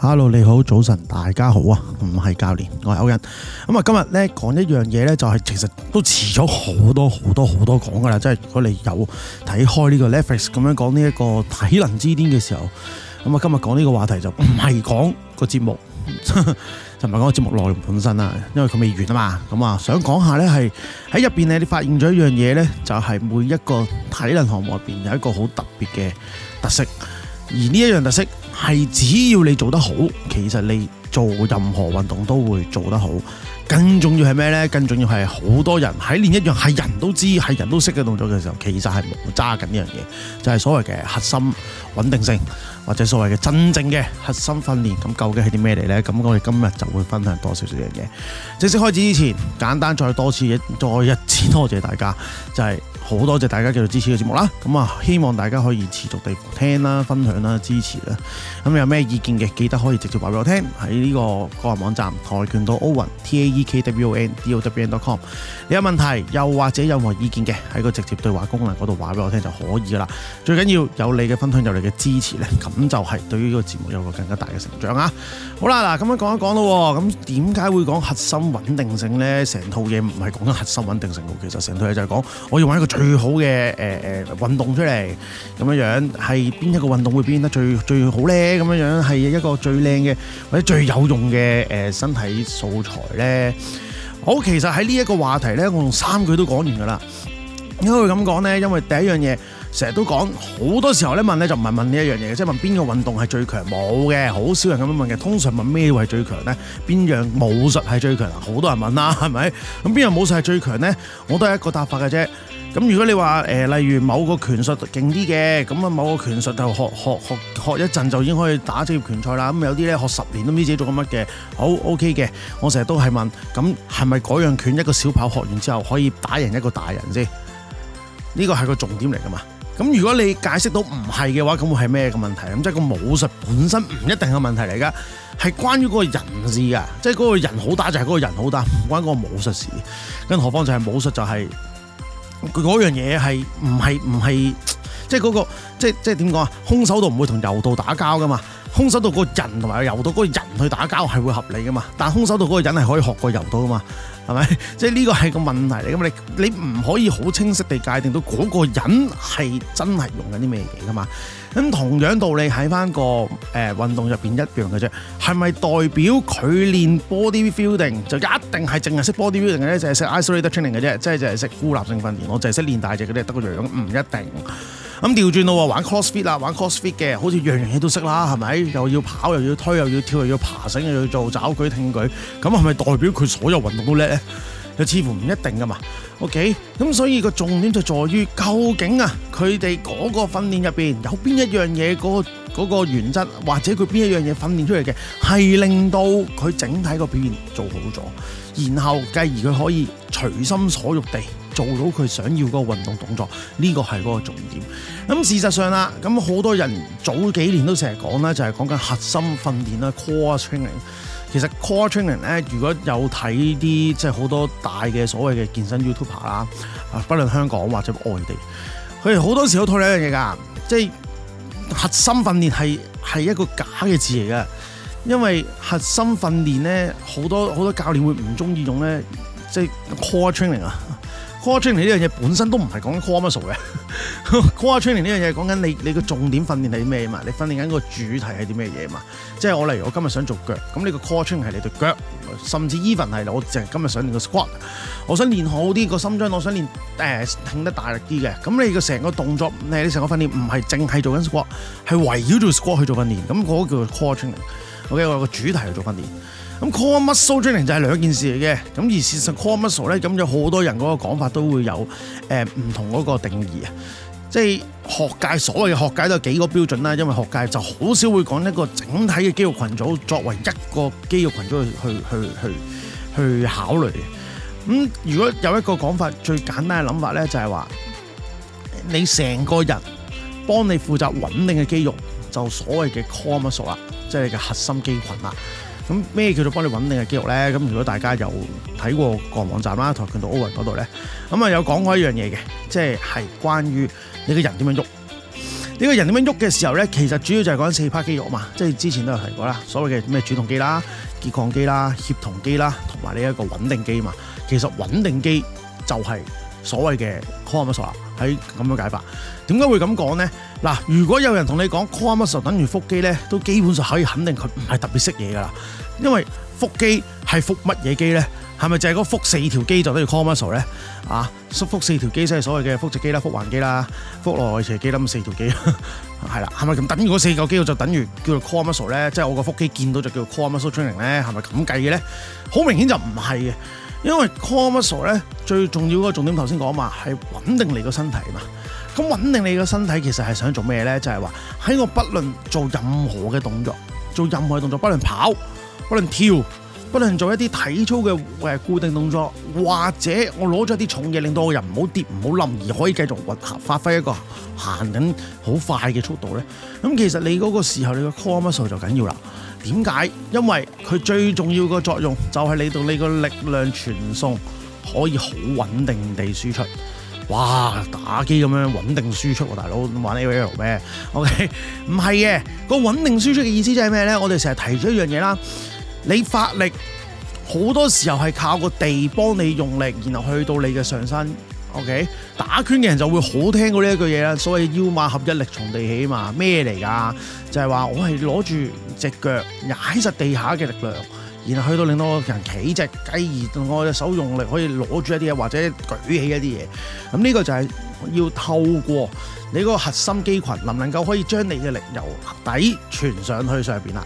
Hello，你好，早晨，大家好啊！唔係教練，我係歐恩。咁啊，今日咧講一樣嘢咧，就係其實都遲咗好多好多好多講噶啦。即係如果你有睇開呢個 Netflix 咁樣講呢一個體能之巔嘅時候，咁啊今日講呢個話題就唔係講個節目， 就唔係講個節目內容本身啦，因為佢未完啊嘛。咁啊，想講下咧係喺入邊你發現咗一樣嘢咧，就係、是、每一個體能項目入邊有一個好特別嘅特色，而呢一樣特色。係只要你做得好，其實你做任何運動都會做得好。更重要係咩呢？更重要係好多人喺練一樣係人都知係人都識嘅動作嘅時候，其實係冇揸緊呢樣嘢，就係、是、所謂嘅核心穩定性，或者所謂嘅真正嘅核心訓練。咁究竟係啲咩嚟呢？咁我哋今日就會分享多少少樣嘢。正式開始之前，簡單再多次一再一次多謝大家，就係好多謝大家繼續支持嘅節目啦。咁啊，希望大家可以持續地聽啦、分享啦、支持啦。咁有咩意見嘅，記得可以直接話俾我聽喺呢個個人網站跆拳道歐雲 e.k.w.n.d.o.w.n.com，你有問題又或者有任何意見嘅，喺個直接對話功能嗰度話俾我聽就可以噶啦。最緊要有你嘅分享，有你嘅支持咧，咁就係對於呢個節目有個更加大嘅成長啊！好啦，嗱，咁樣講一講咯。咁點解會講核心穩定性咧？成套嘢唔係講緊核心穩定性，其實成套嘢就係講我要揾一個最好嘅誒誒運動出嚟，咁樣樣係邊一個運動會變得最最好咧？咁樣樣係一個最靚嘅或者最有用嘅誒、呃、身體素材咧。好，其實喺呢一個話題咧，我用三句都講完噶啦。點解會咁講咧？因為第一樣嘢，成日都講，好多時候咧問咧就唔係問呢一樣嘢，即係問邊個運動係最強？冇嘅，好少人咁樣問嘅。通常問咩係最強咧？邊樣武術係最強？好多人問啦，係咪？咁邊樣武術係最強咧？我都係一個答法嘅啫。咁如果你話誒、呃，例如某個拳術勁啲嘅，咁啊某個拳術就學學學學一陣就已經可以打職業拳賽啦。咁有啲呢學十年都唔知自己做緊乜嘅，好 OK 嘅。我成日都係問，咁係咪嗰樣拳一個小跑學完之後可以打贏一個大人先？呢個係個重點嚟㗎嘛。咁如果你解釋到唔係嘅話，咁會係咩嘅問題？咁即係個武術本身唔一定嘅問題嚟㗎，係關於嗰個人事㗎，即係嗰個人好打就係嗰個人好打，唔關嗰個武術事。更何況就係武術就係、是。佢嗰樣嘢係唔係唔係，即係、那、嗰個即即點講啊？空手道唔會同柔道打交㗎嘛，空手道嗰個人同埋柔道嗰個人去打交係會合理㗎嘛，但係空手道嗰個人係可以學過柔道㗎嘛。係咪？即係呢個係個問題嚟，咁你你唔可以好清晰地界定到嗰個人係真係用緊啲咩嘢㗎嘛？咁同樣道理喺翻、那個誒、呃、運動入邊一樣嘅啫。係咪代表佢練 bodybuilding 就一定係淨係識 bodybuilding 嘅咧？淨係識 isolated training 嘅啫，即係淨係識孤立性訓練。我淨係識練大隻嗰啲得個樣，唔一定。咁調轉咯喎，玩 crossfit 啊，玩 crossfit 嘅，好似樣樣嘢都識啦，係咪？又要跑，又要推，又要跳，又要爬繩，又要做抓舉，挺舉，咁係咪代表佢所有運動都叻咧？又似乎唔一定噶嘛。OK，咁所以個重點就在於，究竟啊，佢哋嗰個訓練入面有、嗰個，有邊一樣嘢嗰個嗰個原則，或者佢邊一樣嘢訓練出嚟嘅，係令到佢整體個表現做好咗，然後繼而佢可以隨心所欲地。做到佢想要嗰個運動動作，呢個係嗰個重點。咁事實上啦，咁好多人早幾年都成日講啦，就係講緊核心訓練啦，core training。其實 core training 咧，如果有睇啲即係好多大嘅所謂嘅健身 YouTuber 啦，啊，不論香港或者外地，佢哋好多時都討論一樣嘢噶，即係核心訓練係係一個假嘅字嚟嘅，因為核心訓練咧好多好多教練會唔中意用咧，即係 core training 啊。Core training 呢樣嘢本身都唔係講 core muscle 嘅。Core training 呢樣嘢講緊你你個重點訓練係啲咩嘛？你訓練緊個主題係啲咩嘢嘛？即係我例如我今日想做腳，咁你個 Core training 係你對腳，甚至 even 係我淨係今日想練個 squat，我想練好啲個心張，我想練誒、呃、挺得大力啲嘅，咁你個成個動作，你成個訓練唔係淨係做緊 squat，係圍繞住 squat 去做訓練，咁嗰個叫做 Core training，OK，我有個主題去做訓練。咁 core muscle training 就係兩件事嚟嘅，咁而事實的 core muscle 咧，咁有好多人嗰個講法都會有誒唔同嗰個定義啊，即係學界所謂嘅學界都有幾個標準啦，因為學界就好少會講一個整體嘅肌肉群組作為一個肌肉群組去去去去去考慮嘅。咁如果有一個講法最簡單嘅諗法咧，就係話你成個人幫你負責穩定嘅肌肉，就所謂嘅 core muscle 啦，即係你嘅核心肌群啦。咁咩叫做幫你穩定嘅肌肉咧？咁如果大家有睇過個網站啦，跆拳道奧運嗰度咧，咁啊有講過一樣嘢嘅，即係係關於你個人點樣喐，你個人點樣喐嘅時候咧，其實主要就係講緊四拍肌肉嘛，即係之前都有提過啦，所謂嘅咩主動肌啦、拮抗肌啦、協同肌啦，同埋呢一個穩定肌嘛。其實穩定肌就係所謂嘅 core muscle。喺咁樣解法，點解會咁講咧？嗱，如果有人同你講 core muscle 等於腹肌咧，都基本上可以肯定佢唔係特別識嘢噶啦。因為腹肌係腹乜嘢肌咧？係咪就係嗰腹四條肌就等於 core muscle 咧？啊，縮腹四條肌即係所謂嘅腹直肌啦、腹橫肌啦、腹內斜肌啦，咁四條肌係啦，係咪咁等於嗰四嚿肌肉就等於叫做 core muscle 咧？即係我個腹肌見到就叫做 core muscle training 咧？係咪咁計嘅咧？好明顯就唔係嘅。因為 core muscle 咧，最重要個重點頭先講嘛，係穩定你個身體嘛。咁穩定你個身體其實係想做咩咧？就係話喺我不論做任何嘅動作，做任何嘅動作不論跑，不論跳，不論做一啲體操嘅誒固定動作，或者我攞咗一啲重嘢，令到我人唔好跌唔好冧，而可以繼續混合發揮一個行緊好快嘅速度咧。咁其實你嗰個時候你個 core muscle 就緊要啦。點解？因為佢最重要個作用就係令到你個力量傳送可以好穩定地輸出。哇，打機咁樣穩定輸出，大佬玩 LVL 咩？OK，唔係嘅個穩定輸出嘅意思就係咩咧？我哋成日提出一樣嘢啦，你發力好多時候係靠個地幫你用力，然後去到你嘅上身。O.K. 打拳嘅人就會好聽過呢一句嘢啦，所謂腰馬合一、力從地起嘛，咩嚟噶？就係話我係攞住隻腳踩實地下嘅力量，然後去到令到我人企隻雞，而我隻手用力可以攞住一啲嘢或者舉起一啲嘢。咁呢個就係要透過你個核心肌群，能唔能夠可以將你嘅力由底傳上去上邊啦？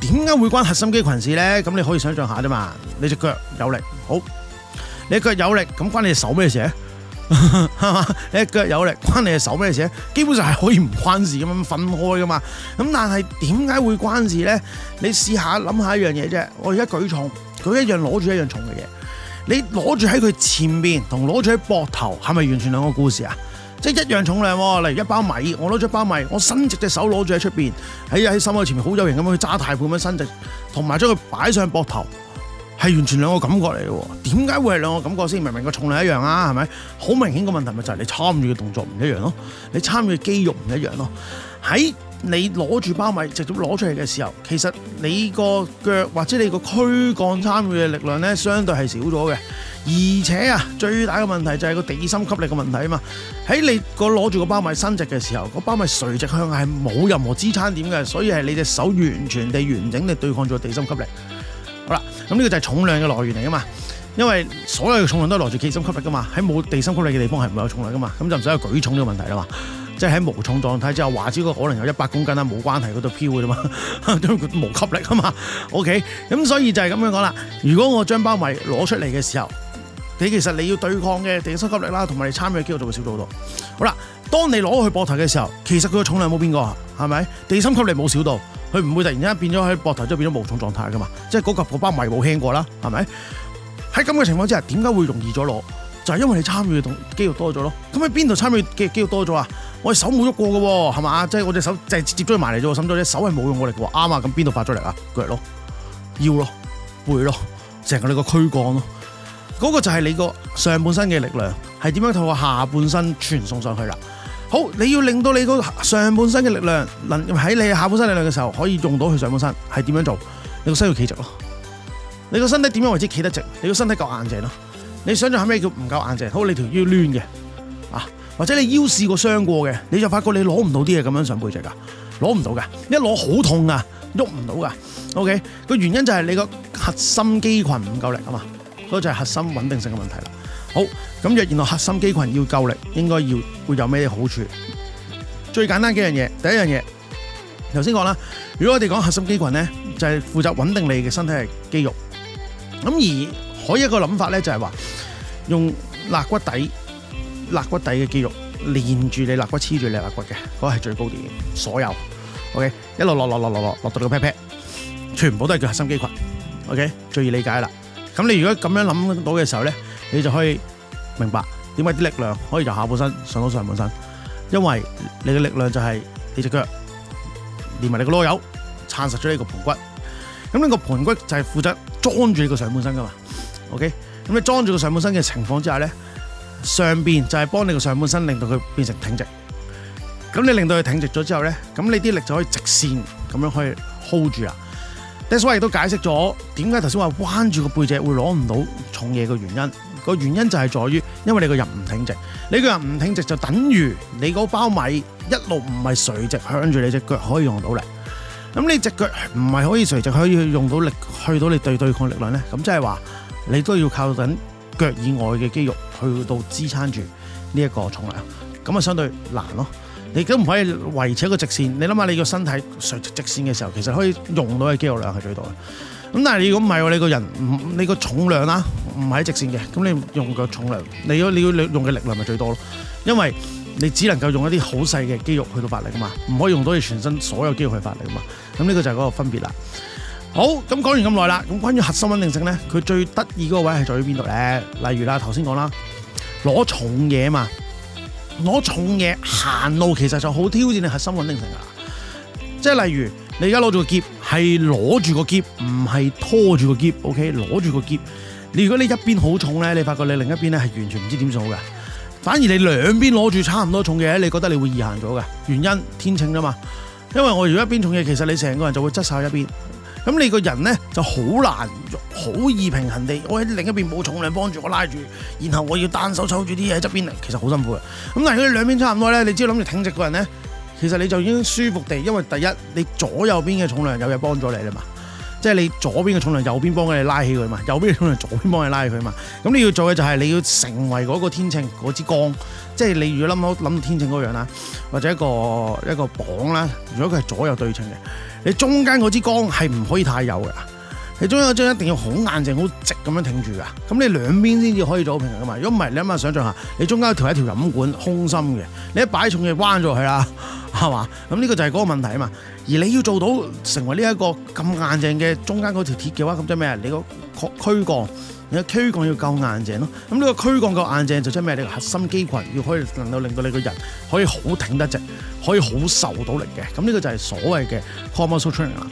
點解會關核心肌群事咧？咁你可以想象下啫嘛，你隻腳有力，好。你腳有力，咁關你手咩事？ 你腳有力，關你嘅手咩事？基本上係可以唔關事咁樣分開噶嘛。咁但係點解會關事咧？你試下諗下一樣嘢啫。我而家舉重，佢一樣攞住一樣重嘅嘢。你攞住喺佢前面，同攞住喺膊頭，係咪完全兩個故事啊？即係一樣重量，例如一包米，我攞住一包米，我伸直隻手攞住喺出面，喺喺心口前面好有型咁樣去揸軚盤，咁樣伸直，同埋將佢擺上膊頭。係完全兩個感覺嚟嘅，點解會係兩個感覺先？才明明個重量一樣啊？係咪？好明顯個問題咪就係你參與嘅動作唔一樣咯，你參與嘅肌肉唔一樣咯。喺你攞住包米直接攞出嚟嘅時候，其實你個腳或者你個軀幹參與嘅力量咧，相對係少咗嘅。而且啊，最大嘅問題就係個地心吸力嘅問題啊嘛。喺你個攞住個包米伸直嘅時候，個包米垂直向下係冇任何支撐點嘅，所以係你隻手完全地完整地對抗住地心吸力。咁呢個就係重量嘅來源嚟噶嘛，因為所有嘅重量都係來自地心吸力噶嘛，喺冇地心吸力嘅地，地方係唔會有重量噶嘛，咁就唔使有舉重呢個問題啦嘛，即係喺無重狀態之下，話知佢可能有一百公斤啦，冇關係，佢都飄噶嘛， 都無吸力啊嘛，OK，咁所以就係咁樣講啦。如果我將包米攞出嚟嘅時候，你其實你要對抗嘅地心吸力啦，同埋你參與嘅肌肉就會少咗好多。好啦，當你攞去膊頭嘅時候，其實佢嘅重量冇變過，係咪？地心吸力冇少到。佢唔會突然之間變咗喺膊頭之中變咗無重狀態㗎嘛，即係嗰嚿嗰包米冇輕過啦，係咪？喺咁嘅情況之下，點解會容易咗落？就係、是、因為你參與到肌肉多咗咯。咁喺邊度參與嘅肌肉多咗啊？我哋手冇喐過嘅喎，係嘛？即、就、係、是、我隻手就係、是、接接咗埋嚟咗，甚至隻手係冇用過力喎。啱啊，咁邊度發出嚟啊？腳咯、腰咯、背咯，成個你個軀幹咯。嗰、那個就係你個上半身嘅力量係點樣透過下半身傳送上去啦？好，你要令到你個上半身嘅力量，能喺你的下半身力量嘅時候可以用到佢上半身，係點樣做的？你個身要企直咯，你個身體點樣為之企得直？你個身體夠硬淨咯。你想象下咩叫唔夠硬淨？好，你條腰攣嘅啊，或者你腰試過傷過嘅，你就發覺你攞唔到啲嘢咁樣上背脊噶，攞唔到噶，一攞好痛啊，喐唔到噶。OK，個原因就係你個核心肌群唔夠力啊嘛，嗰就係核心穩定性嘅問題。好咁，若然話核心肌群要夠力，應該要會有咩好處？最簡單幾樣嘢，第一樣嘢，頭先講啦。如果我哋講核心肌群咧，就係、是、負責穩定你嘅身體嘅肌肉。咁而可以一個諗法咧，就係話用肋骨底、肋骨底嘅肌肉連住你肋骨，黐住你肋骨嘅，嗰係最高點。所有，OK，一路落落落落落落到個屁屁，全部都係叫核心肌群。OK，最易理解啦。咁你如果咁樣諗到嘅時候咧？你就可以明白點解啲力量可以由下半身上到上半身，因為你嘅力量就係你隻腳連埋你個囉柚，撐實咗呢個盤骨，咁呢個盤骨就係負責裝住你個上半身㗎嘛。OK，咁你裝住個上半身嘅情況之下咧，上邊就係幫你個上半身令到佢變成挺直。咁你令到佢挺直咗之後咧，咁你啲力就可以直線咁樣可以 hold 住啦。所以亦都解釋咗點解頭先話彎住個背脊會攞唔到重嘢嘅原因。個原因就係在於，因為你個人唔挺直，你個人唔挺直就等於你嗰包米一路唔係垂直向住你隻腳可以用到力。咁你隻腳唔係可以垂直可以用到力去到你對對抗力量咧。咁即係話你都要靠緊腳以外嘅肌肉去到支撐住呢一個重量，咁啊相對難咯。你都唔可以維持一個直線。你諗下你個身體垂直直線嘅時候，其實可以用到嘅肌肉量係最多嘅。咁但係你如果唔係喎，你個人唔你個重量啦，唔喺直線嘅，咁你用個重量，你要你要用嘅力量咪最多咯，因為你只能夠用一啲好細嘅肌肉去到發力啊嘛，唔可以用到你全身所有肌肉去發力啊嘛，咁呢個就係嗰個分別啦。好，咁講完咁耐啦，咁關於核心穩定性咧，佢最得意嗰個位係在於邊度咧？例如啦，頭先講啦，攞重嘢啊嘛，攞重嘢行路其實就好挑戰你核心穩定性㗎喇，即係例如你而家攞住個夾。係攞住個喼，唔係拖住個喼。OK，攞住個喼。你如果你一邊好重咧，你發覺你另一邊咧係完全唔知點數嘅。反而你兩邊攞住差唔多重嘅，你覺得你會易行咗嘅。原因天秤㗎嘛。因為我如果一邊重嘅，其實你成個人就會側手一邊。咁你個人咧就好難，好易平衡地。我喺另一邊冇重量幫住我拉住，然後我要單手抽住啲嘢喺側邊嚟，其實好辛苦嘅。咁但係如果你兩邊差唔多咧，你只要諗住挺直個人咧。其實你就已經舒服地，因為第一你左右邊嘅重量有嘢幫咗你啦嘛，即係你左邊嘅重量右邊幫你拉起佢嘛，右邊嘅重量左邊幫你拉起佢嘛。咁你要做嘅就係你要成為嗰個天秤嗰支桿，即係你如果好諗到天秤嗰樣啦，或者一個一個磅啦。如果佢係左右對稱嘅，你中間嗰支桿係唔可以太柔嘅，你中間嗰支一定要好硬淨好直咁樣挺住噶。咁你兩邊先至可以做到平衡噶嘛。如果唔係，你諗下想像下，你中間一條係一條飲管空心嘅，你一擺重嘢彎咗佢啦。係嘛？咁呢個就係嗰個問題啊嘛。而你要做到成為呢一個咁硬淨嘅中間嗰條鐵嘅話，咁即係咩？你個軀軀幹，你個軀幹要夠硬淨咯啊。咁呢個軀幹夠硬淨，就即係咩？你個核心肌群要可以能夠令到你個人可以好挺得直，可以好受到力嘅。咁呢個就係所謂嘅 core muscle training 啦。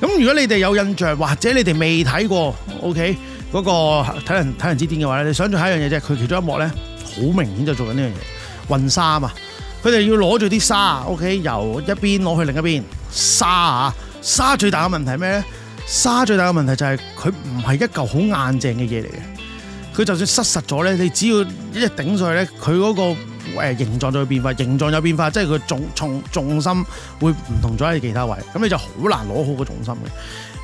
咁如果你哋有印象，或者你哋未睇過 OK 嗰個體能體能之巔嘅話咧，你想做下一樣嘢啫。佢其中一幕咧，好明顯就做緊呢樣嘢，運沙啊嘛。佢哋要攞住啲沙，OK，由一邊攞去另一邊沙啊。沙最大嘅問題係咩咧？沙最大嘅問題就係佢唔係一嚿好硬淨嘅嘢嚟嘅，佢就算塞實咗咧，你只要一頂上去咧，佢嗰個，誒形狀就會變化，形狀有變化，即係佢重重重心會唔同咗喺其他位，咁你就難好難攞好個重心嘅。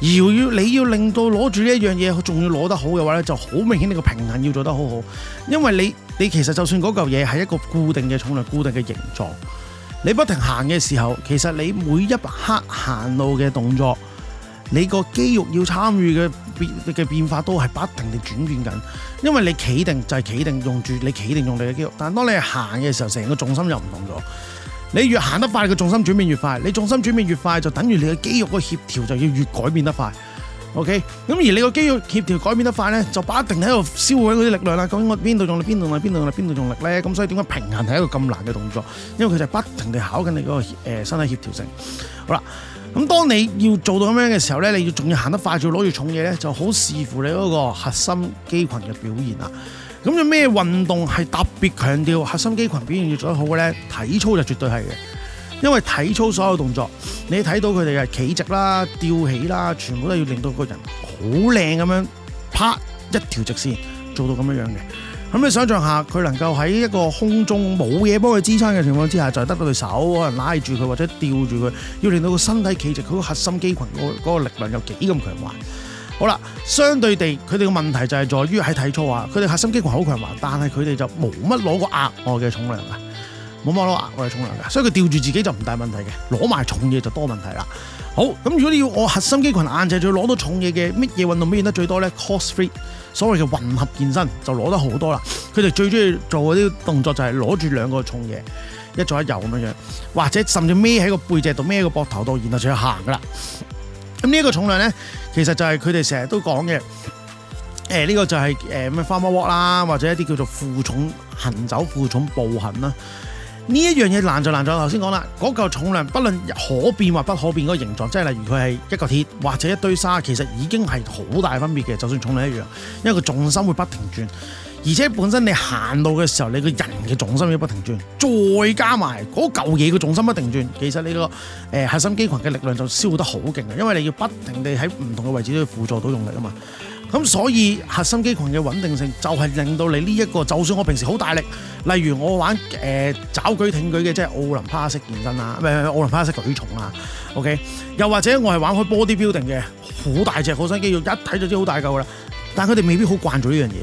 而要你要令到攞住呢一樣嘢，仲要攞得好嘅話咧，就好明顯你個平衡要做得好好，因為你你其實就算嗰嚿嘢係一個固定嘅重量、固定嘅形狀，你不停行嘅時候，其實你每一刻行路嘅動作，你個肌肉要參與嘅。變嘅變化都係不停地轉變緊，因為你企定就係企定用住，你企定用你嘅肌肉，但係當你係行嘅時候，成個重心又唔同咗。你越行得快，個重心轉變越快，你重心轉變越快，就等於你嘅肌肉個協調就要越改變得快。OK，咁而你個肌肉協調改變得快咧，就不一定喺度消耗嗰啲力量啦。究竟我邊度用力，邊度用力，邊度用力，邊度用力咧？咁所以點解平衡係一個咁難嘅動作？因為佢就係不停地考緊你個誒身體協調性。好啦。咁當你要做到咁樣嘅時候咧，你要仲要行得快，仲要攞住重嘢咧，就好視乎你嗰個核心肌群嘅表現啦。咁有咩運動係特別強調核心肌群表現要做得好嘅咧？體操就絕對係嘅，因為體操所有動作，你睇到佢哋係企直啦、吊起啦，全部都要令到個人好靚咁樣，啪一條直線做到咁樣樣嘅。咁你想象下，佢能夠喺一個空中冇嘢幫佢支撐嘅情況之下，就得到對手可能拉住佢或者吊住佢，要令到個身體企直，佢個核心肌群嗰個力量有幾咁強橫？好啦，相對地，佢哋嘅問題就係在於喺體操啊，佢哋核心肌群好強橫，但係佢哋就冇乜攞過額外嘅重量。冇摸咯，我係重量嘅，所以佢吊住自己就唔大問題嘅，攞埋重嘢就多問題啦。好，咁如果你要我核心肌群硬淨，仲要攞到重嘢嘅，乜嘢運動孭得最多咧？CrossFit，所謂嘅混合健身就攞得好多啦。佢哋最中意做嗰啲動作就係攞住兩個重嘢，一左一右咁樣，或者甚至孭喺個背脊度、孭個膊頭度，然後就去行噶啦。咁呢一個重量咧，其實就係佢哋成日都講嘅，誒、呃、呢、這個就係誒咩 Farmer Walk 啦，呃、或者一啲叫做負重行走負重、負重步行啦。呢一樣嘢難就難在頭先講啦，嗰嚿重量，不論可變或不可變個形狀，即係例如佢係一個鐵或者一堆沙，其實已經係好大分別嘅。就算重量一樣，因為個重心會不停轉，而且本身你行路嘅時候，你個人嘅重心會不停轉，再加埋嗰嚿嘢嘅重心不停轉，其實你個核心肌群嘅力量就消耗得好勁，因為你要不停地喺唔同嘅位置都要輔助到用力啊嘛。咁所以核心肌群嘅穩定性就係令到你呢、這、一個，就算我平時好大力，例如我玩誒、呃、抓舉挺舉嘅，即係奧林匹克式健身啊，誒、呃、奧林匹克式舉重啊 OK 又或者我係玩開 body building 嘅，好大隻，好身肌肉，一睇就知好大嚿啦。但佢哋未必好慣咗呢樣嘢，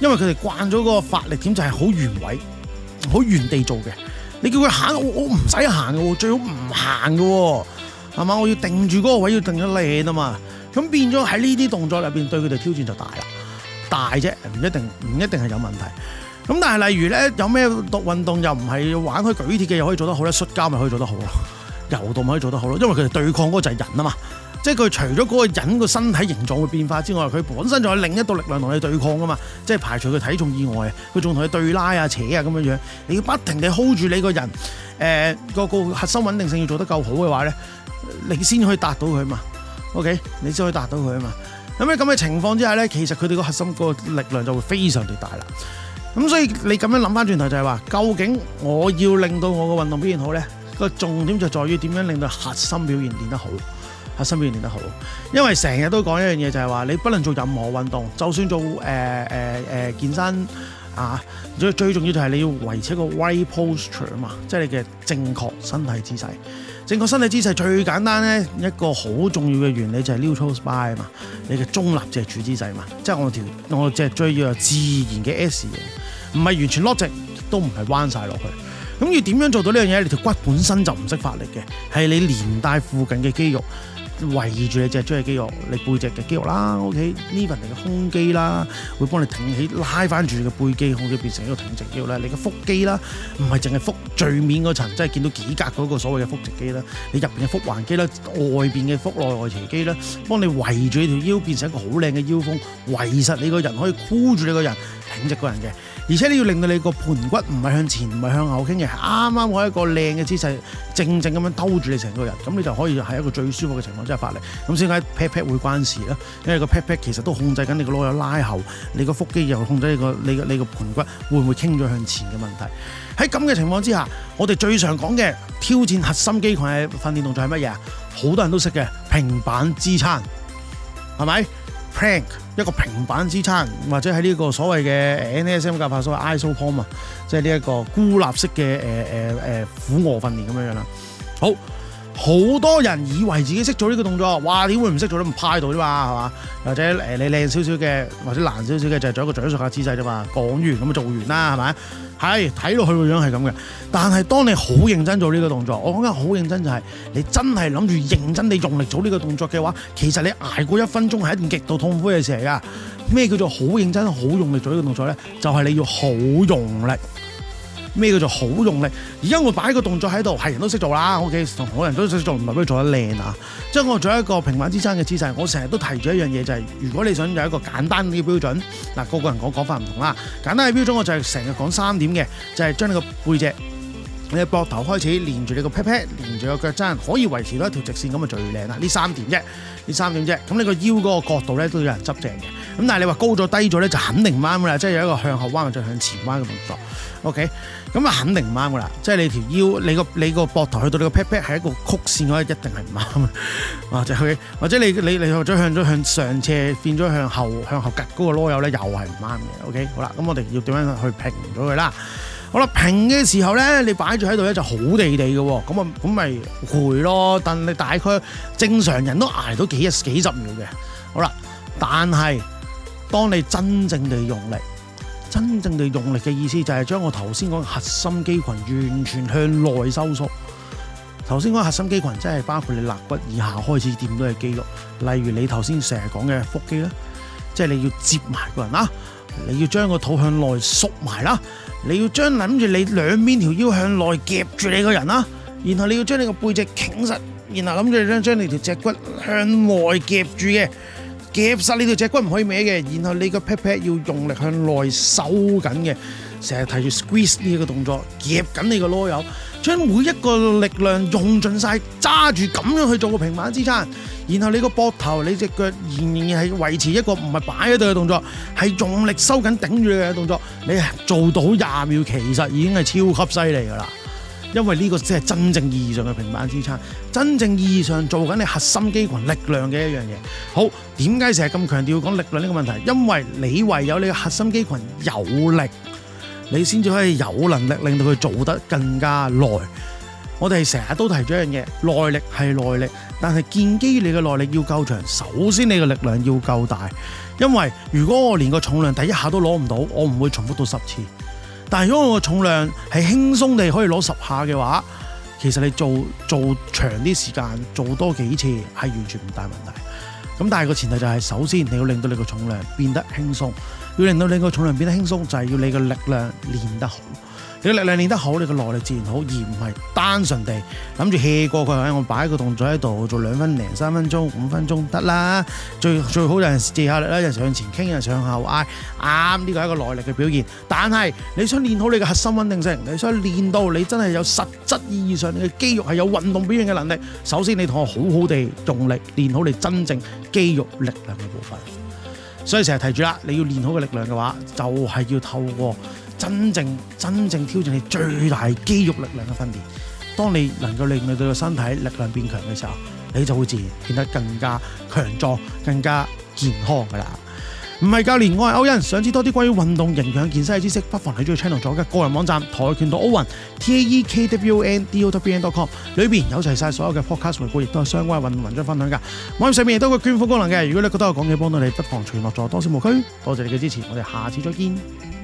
因為佢哋慣咗個發力點就係好原位，好原地做嘅。你叫佢行，我我唔使行嘅，最好唔行嘅，係嘛？我要定住嗰個位，要定得靚啊嘛。咁變咗喺呢啲動作入邊對佢哋挑戰就大啦，大啫，唔一定唔一定係有問題。咁但係例如咧，有咩動運動又唔係玩佢舉鐵嘅又可以做得好咧，摔跤咪可以做得好咯，柔道咪可以做得好咯。因為佢哋對抗嗰個就係人啊嘛，即係佢除咗嗰個人個身體形狀會變化之外，佢本身仲有另一道力量同你對抗啊嘛。即係排除佢體重以外，佢仲同你對拉啊扯啊咁樣樣，你要不停地 hold 住你個人，誒個個核心穩定性要做得夠好嘅話咧，你先可以達到佢嘛。O.K. 你先可以達到佢啊嘛，咁樣咁嘅情況之下咧，其實佢哋個核心個力量就會非常之大啦。咁所以你咁樣諗翻轉頭就係話，究竟我要令到我個運動表現好咧，個重點就在於點樣令到核心表現練得好，核心表現練得好。因為成日都講一樣嘢就係話，你不能做任何運動，就算做誒誒誒健身啊，最最重要就係你要維持一個 right posture 啊嘛，即係你嘅正確身體姿勢。整個身體姿勢最簡單咧，一個好重要嘅原理就係 neutral spine 啊嘛，你嘅中立脊柱姿勢嘛，即係我條我隻最要有自然嘅 S 型，唔係完全攞直，都唔係彎晒落去。咁要點樣做到呢樣嘢？你條骨本身就唔識發力嘅，係你連帶附近嘅肌肉。圍住你隻中嘅肌肉，你背脊嘅肌肉啦，OK，呢份你嘅胸肌啦，會幫你挺起拉翻住你嘅背肌，胸肌變成一個挺直肌肉啦。你嘅腹肌啦，唔係淨係腹最面嗰層，即係見到幾格嗰個所謂嘅腹直肌啦。你入邊嘅腹橫肌啦，外邊嘅腹內外斜肌啦，幫你圍住你條腰，變成一個好靚嘅腰峰，圍實你個人可以箍住你個人，挺直個人嘅。而且你要令到你個盤骨唔係向前，唔係向後傾嘅，啱啱我一個靚嘅姿勢，正正咁樣兜住你成個人，咁你就可以喺一個最舒服嘅情況之下發力。咁先解 pat pat 會關事啦，因為個 pat pat 其實都控制緊你個攞有拉後，你個腹肌又控制你個你個你個盤骨會唔會傾咗向前嘅問題。喺咁嘅情況之下，我哋最常講嘅挑戰核心肌群嘅訓練動作係乜嘢啊？好多人都識嘅平板支撐，係咪？Plank 一個平板支撐，或者喺呢個所謂嘅 NSM 教法所謂 ISO form 啊，即係呢一個孤立式嘅誒誒誒俯臥訓練咁樣樣啦。好。好多人以為自己識做呢個動作，哇，點會唔識做都唔派到度啫嘛，係嘛？或者誒、呃、你靚少少嘅，或者難少少嘅，就係、是、做一個嘴上嘅姿勢啫嘛。講完咁就做完啦，係咪？係睇落去個樣係咁嘅，但係當你好認真做呢個動作，我講緊好認真就係、是、你真係諗住認真地用力做呢個動作嘅話，其實你捱過一分鐘係一件極度痛苦嘅事嚟㗎。咩叫做好認真好用力做呢個動作咧？就係、是、你要好用力。咩叫做好用力？而家我擺個動作喺度，係人都識做啦。我幾同好多人都識做，唔係咩做得靚啊！即係我做一個平板支撐嘅姿勢，我成日都提咗一樣嘢，就係如果你想有一個簡單啲嘅標準，嗱，個個人講講法唔同啦。簡單嘅標準我就係成日講三點嘅，就係將你個背脊。你嘅膊頭開始連住你個 pat pat，連住個腳踭，可以維持到一條直線咁啊，咪最靚啦！呢三點啫，呢三點啫。咁你個腰嗰個角度咧都有人執正嘅。咁但係你話高咗低咗咧，就肯定唔啱啦。即係有一個向後彎再向前彎嘅動作。OK，咁啊肯定唔啱噶啦。即係你條腰，你個你個膊頭去到你個 pat pat 係一個曲線嗰個，一定係唔啱。啊，OK，或者你你你向咗向上斜，變咗向後向後趌高嘅囉柚咧，又係唔啱嘅。OK，好啦，咁我哋要點樣去平咗佢啦？好啦，平嘅時候咧，你擺住喺度咧就好地地嘅，咁啊咁咪攰咯。但你大概正常人都挨到幾十幾十秒嘅。好啦，但係當你真正地用力，真正地用力嘅意思就係將我頭先講核心肌群完全向內收縮。頭先講核心肌群，即係包括你肋骨以下開始掂到嘅肌肉，例如你頭先成日講嘅腹肌啦，即係你要接埋個人啦。你要將個肚向內縮埋啦，你要將諗住你兩邊條腰向內夾住你個人啦，然後你要將你個背脊挺實，然後諗住將將你條脊骨向外夾住嘅，夾實你條脊骨唔可以歪嘅，然後你個屁屁要用力向內收緊嘅。成日睇住 squeeze 呢一個動作，夾緊你個囉柚，將每一個力量用盡晒，揸住咁樣去做個平板支撐。然後你個膊頭、你隻腳仍然係維持一個唔係擺喺度嘅動作，係用力收緊頂住你嘅動作。你做到廿秒，其實已經係超級犀利噶啦。因為呢個先係真正意義上嘅平板支撐，真正意義上做緊你核心肌群力量嘅一樣嘢。好，點解成日咁強調講力量呢個問題？因為你唯有你嘅核心肌群有力。你先至可以有能力令到佢做得更加耐。我哋成日都提咗一樣嘢，耐力係耐力，但係建基於你嘅耐力要夠長，首先你嘅力量要夠大。因為如果我連個重量第一下都攞唔到，我唔會重複到十次。但係如果我個重量係輕鬆地可以攞十下嘅話，其實你做做長啲時間做多幾次係完全唔大問題。咁但係個前提就係首先你要令到你個重量變得輕鬆。要令到你個重量變得輕鬆，就係、是、要你個力量練得好。你個力量練得好，你個耐力自然好，而唔係單純地諗住 h e 過佢喺我擺個動作喺度做兩分零三分鐘五分鐘得啦。最最好有人借下力啦，人上前傾，人上後嗌。啱呢個係一個耐力嘅表現。但係你想練好你嘅核心穩定性，你想練到你真係有實質意義上你嘅肌肉係有運動表現嘅能力，首先你同我好好地用力練好你真正肌肉力量嘅部分。所以成日提住啦，你要練好個力量嘅話，就係要透過真正真正挑戰你最大肌肉力量嘅訓練。當你能夠令到個身體力量變強嘅時候，你就會自然變得更加強壯，更加健康嘅啦。唔係教練，我係歐恩。想知多啲關於運動營養健身嘅知識，不妨喺 YouTube 頻道左嘅個人網站跆拳道歐雲 （TAEKWONDOWEN. dot com） 裏邊有齊晒所有嘅 podcast 回顧，亦都有相關嘅運動文章分享㗎。網上面亦都有捐款功能嘅。如果你覺得我講嘢幫到你，不妨傳落咗多少無區。多謝你嘅支持，我哋下次再見。